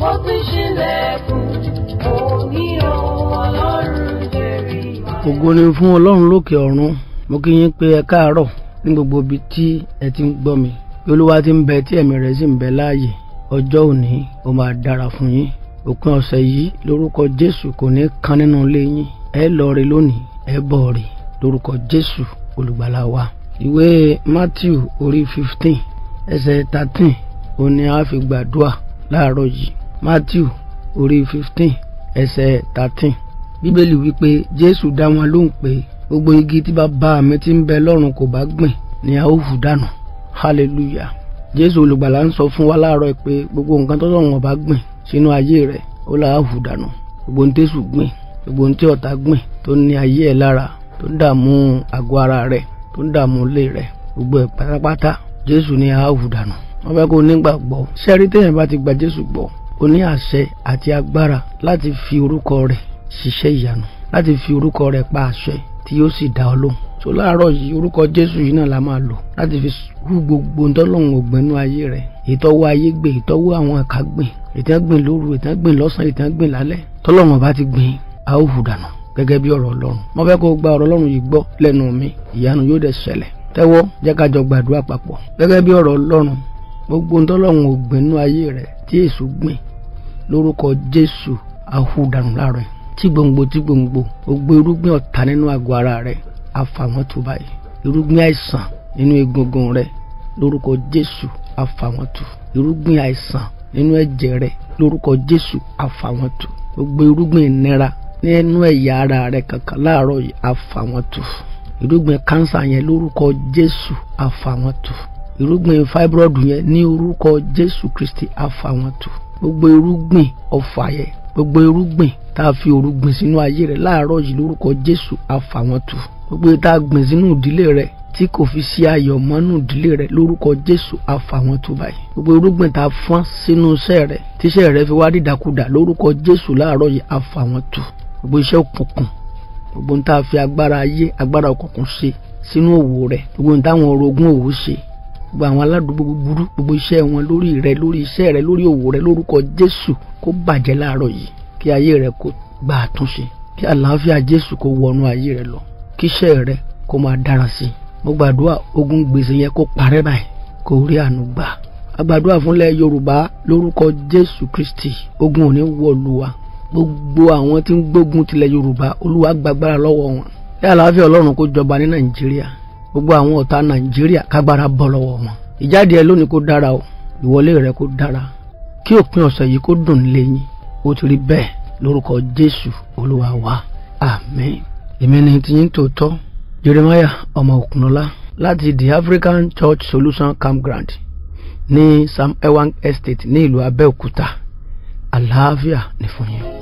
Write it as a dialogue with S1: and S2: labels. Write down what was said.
S1: ó tún ṣílẹ̀kùn òní ohun ọlọ́run jẹ̀rí. ògo ni fún ọlọ́run lókè ọ̀run mo kí yín pé ẹ káàárọ̀ ní gbogbo ibi tí ẹ ti ń gbọ́ mi bí olúwa ti ń bẹ tí ẹ̀mí rẹ̀ sì ń bẹ láàyè ọjọ́ òní ó máa dára fún yín òpin ọ̀sẹ̀ yìí lórúkọ jésù kò ní kan nínú ilé yín ẹ lọ rè lónìí ẹ bọ̀ rè lórúkọ jésù olùgbàlà wa ìwé matthew orí fifteen ẹsẹ̀ thirteen òun ni a fi gbàdúrà láàárọ̀ yìí matthew orí fifteen ẹsẹ̀ thirteen bíbélì wípé jésù dá wọn lóhùn pé gbogbo igi tí bàbá mi ti ń bẹ lọ́run kò bá gbìn ni a ó hù dànù hallelujah jésù olùgbàlà ń sọ fún wa láàárọ̀ pé gbogbo nǹkan tó sọ̀rọ̀ wọn bá gbìn sínú ayé rẹ̀ ó là á hù dànù gbogbo ní tẹ̀sù gbìn gbogbo ní tí ọ̀tá gbìn tó ní ayé ẹ̀ lára tó ń dààmú àgọ́ ara rẹ̀ tó ń dààmú ilé rẹ̀ gbogbo ẹ̀ pátápátá jésù ni a hù dànù wọ́n fẹ́ kó nígbàgbọ́ sẹ́rí téèyàn bá ti gba jésù gbọ́ ó ní àṣẹ àti agbára láti fi orúkọ rẹ̀ ṣiṣẹ́ ìyanu láti fi orúkọ rẹ̀ pa àṣẹ tí yóò sì dá ọ lóhùn so láàárọ̀ yìí orúkọ jésù yìí náà la máa lò láti fi rú gbogbo ntọ́lọ́hún ògbẹ́nu ayé rẹ̀ ìtọ́wọ́ ayé gbé ìtọ́wọ́ àwọn ẹ̀ka gbìn ìtẹ́gbìn lóru ìtẹ́gbìn lọ́sàn-án ìtẹ́gbìn lálẹ́ tọ́lọ́hún ọba ti gbìn a ó hù dànù gẹ́gẹ́ bí ọ̀rọ̀ ọlọ́run mo fẹ́ kó o gba ọ̀rọ̀ ọlọ́run yìí gbọ́ lẹ́nu mi ìyanu yóò dẹ̀ ṣẹlẹ̀ tẹ́wọ́ jẹ́ ká jọ gbàdúrà papọ̀ gẹ́gẹ́ bí ọ̀rọ̀ ọlọ́run gbogbo ntọ́lọ́hún ògbẹ́nu ayé rẹ̀ tí èso gbìn lórúkọ jésù ahu dànù láàrọ̀ yìí tí gbòǹgbò tí gbòǹgbò ó gbé irúgbìn ọ̀tá nínú àgọ́ ara rẹ̀ àfàwọn tó báyìí irúgbìn àìsàn nínú egungun rẹ̀ lórúkọ jésù àfàwọn tó irúgbìn àìsàn nínú ẹ̀jẹ̀ rẹ̀ lórúkọ jésù àfàwọn tó gbogbo irúgbìn ìnira nínú ẹ̀yà ara rẹ̀ kankan láàárọ̀ àfàwọn tó irúgbìn kánsà yẹn lórúkọ jésù àfàwọn tó irúgbìn fáibúrọ̀dù yẹn ní orúkọ jésù kristi àfàwọn tó gbogbo irúgbìn ọ̀fà yẹn gbogbo irúgbìn tá a fi òru gbìn sínú ayé rẹ láàárọ̀ yìí lórúkọ Jésù a fà wọ́n tu gbogbo tá a gbìn sínú ìdílé rẹ tí kò fi sí ayọ̀ mọ́nú ìdílé rẹ lórúkọ Jésù a fà wọ́n tu báyìí gbogbo irúgbìn tá a fọ́n sínú iṣẹ́ rẹ tíṣẹ́ rẹ fi wá dídàkudà lórúkọ Jésù láàárọ̀ yìí a fà wọ́n tu gbogbo iṣẹ́ òkùnkùn gbogbo tá a fi agbára ayé agbára òkùnkùn ṣe sínú òwò rẹ gbogbo táwọn orogún òwò ṣe gbogbo àwọn aládùúgbò búburú gbogbo iṣẹ́ wọn lórí rẹ lórí iṣẹ́ rẹ lórí òwò rẹ lórúkọ Jésù kó bàjẹ́ láàárọ̀ yìí kí ayé rẹ kó gba àtúnṣe kí àlàáfíà Jésù kó wọnú ayé rẹ lọ kí iṣẹ́ rẹ kó máa dára sí i mo gbàdúrà ogun gbèsè yẹn kó parẹ́ báyìí kó rí àánú gbà agbàdúrà fúnlẹ̀ Yorùbá lórúkọ Jésù Kristi ogun ò ní wọ̀lú wa gbogbo àwọn tí ń gbógun tilẹ̀ Yorùbá Olúwa gbàgbára lọ́wọ́ wọn kí àlàáfíà Ọlọ́run kó jọba ní Nàìjíríà gbogbo àwọn ọ̀tá nàìjíríà kágbára bọ́ lọ́wọ́ wọn ìjáde ẹ lónìí kó dára o ìwọlé rẹ kó dára kí òpin ọ̀sẹ̀ yìí kó dùn lẹ́yìn ó ti rí bẹ́ẹ̀ lórúkọ jésù olúwa wa àmín èmi ni tiyín tòótọ́ jeremiah ọmọ òkunlọ́lá láti the african church solution campground ní sam ewang estate ní ìlú abẹ́òkúta àlàáfíà ni fún yín.